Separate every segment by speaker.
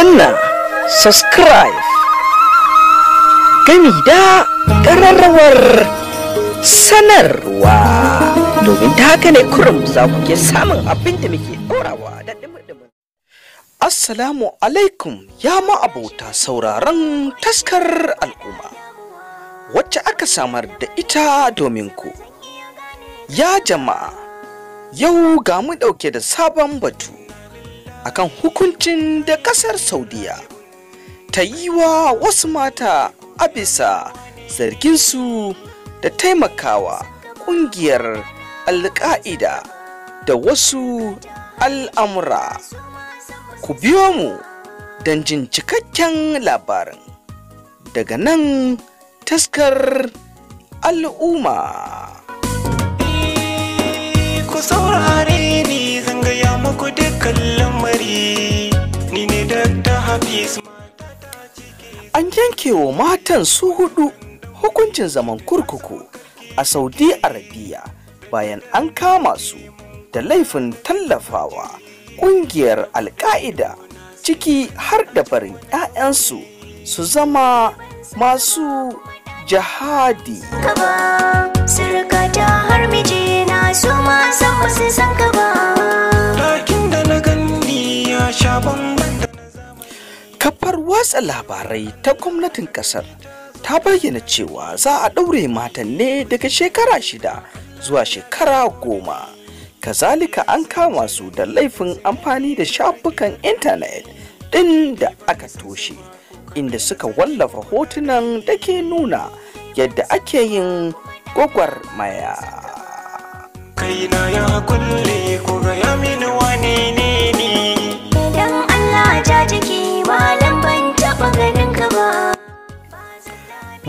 Speaker 1: danna subscribe gami da ƙararrawar sanarwa domin ta haka ne kurum za ku ke samun abin da muke ɗorawa da ɗimi Assalamu alaikum ya ma'abota sauraron taskar al'umma wacce aka samar da ita domin ku. Ya jama'a, yau ga mu ɗauke da sabon batu akan hukuncin da kasar saudiya ta yi wa wasu mata a bisa zarginsu da taimakawa kungiyar alka'ida da wasu al'amura ku biyo mu don jin cikakken labarin daga nan taskar al'umma An yanke wa matan su hudu hukuncin zaman kurkuku a Saudi Arabiya bayan an kama su da laifin tallafawa kungiyar alka'ida ciki har da barin 'ya'yansu su zama masu jihadi. Kaba, har miji na su masa watsa labarai ta gwamnatin kasar ta bayyana cewa za a ɗaure matan ne daga shekara shida zuwa shekara goma kazalika an kama su da laifin amfani da shafukan intanet ɗin da aka toshe inda suka wallafa hotunan da ke nuna yadda ake yin gwagwarmaya kaina ya kulle ko ga wane ne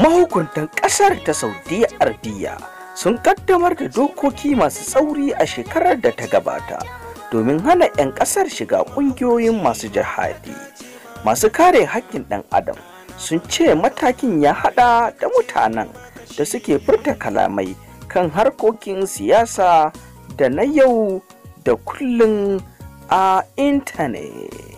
Speaker 1: mahukuntan ƙasar ta Saudi arabiya sun kaddamar da dokoki masu tsauri a shekarar da ta gabata domin hana 'yan ƙasar shiga ƙungiyoyin masu jihadi masu kare haƙƙin ɗan adam sun ce matakin ya haɗa da mutanen da suke furta kalamai kan harkokin siyasa da na yau da kullum a intanet